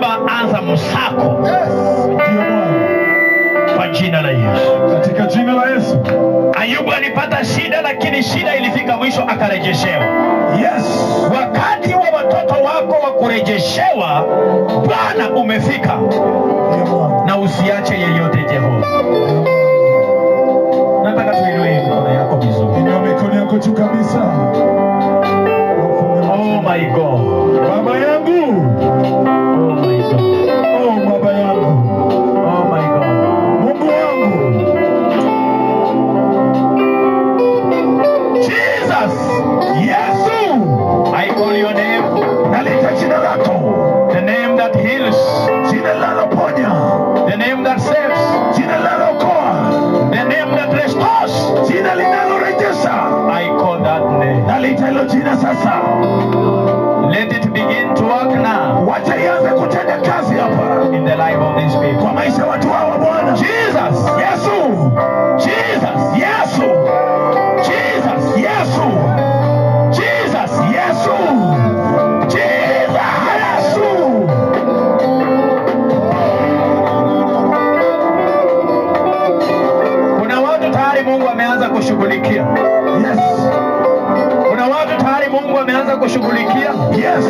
Baba, anza msako kwa jina la Yesu, katika jina la Yesu. Ayubu alipata shida, lakini shida ilifika mwisho akarejeshewa. Yes. Wakati wa watoto wako wa kurejeshewa, Bwana umefika, na usiache yeyote. Jehova, nataka tuinue mikono yako vizuri, mikono yako juu kabisa. Oh my God. jina sasa, let it begin to work now. Wacha ianze kutenda kazi hapa, in the life of these people, kwa maisha watu hawa Bwana. Jesus, Yesu, Jesus, Yesu, Jesus, Yesu, Jesus, Yesu, Jesus. Kuna watu tayari Mungu ameanza kushughulikia. Yes ameanza kushughulikia. Yes.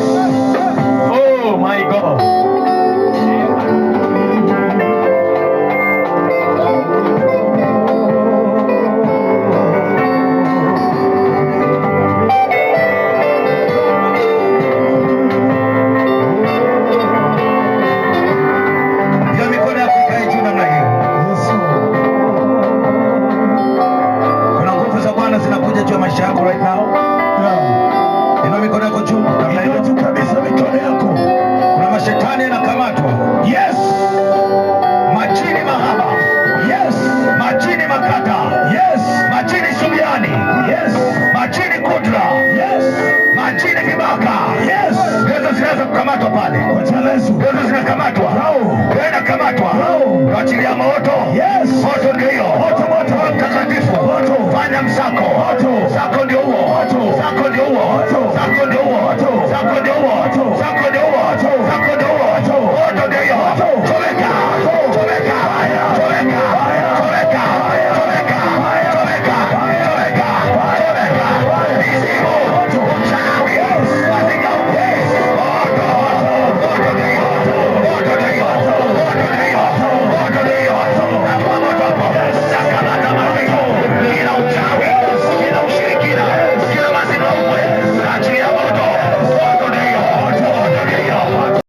Oh my zikakamatwa pale, pembe zinakamatwa, tena kamatwa, tuachilia moto. Moto ndio hiyo, mtakatifu, fanya msako, msako ndio huo, msako ndio huo, msako ndio huo, msako ndio huo, msako ndio huo, moto ndio hiyo, chomeka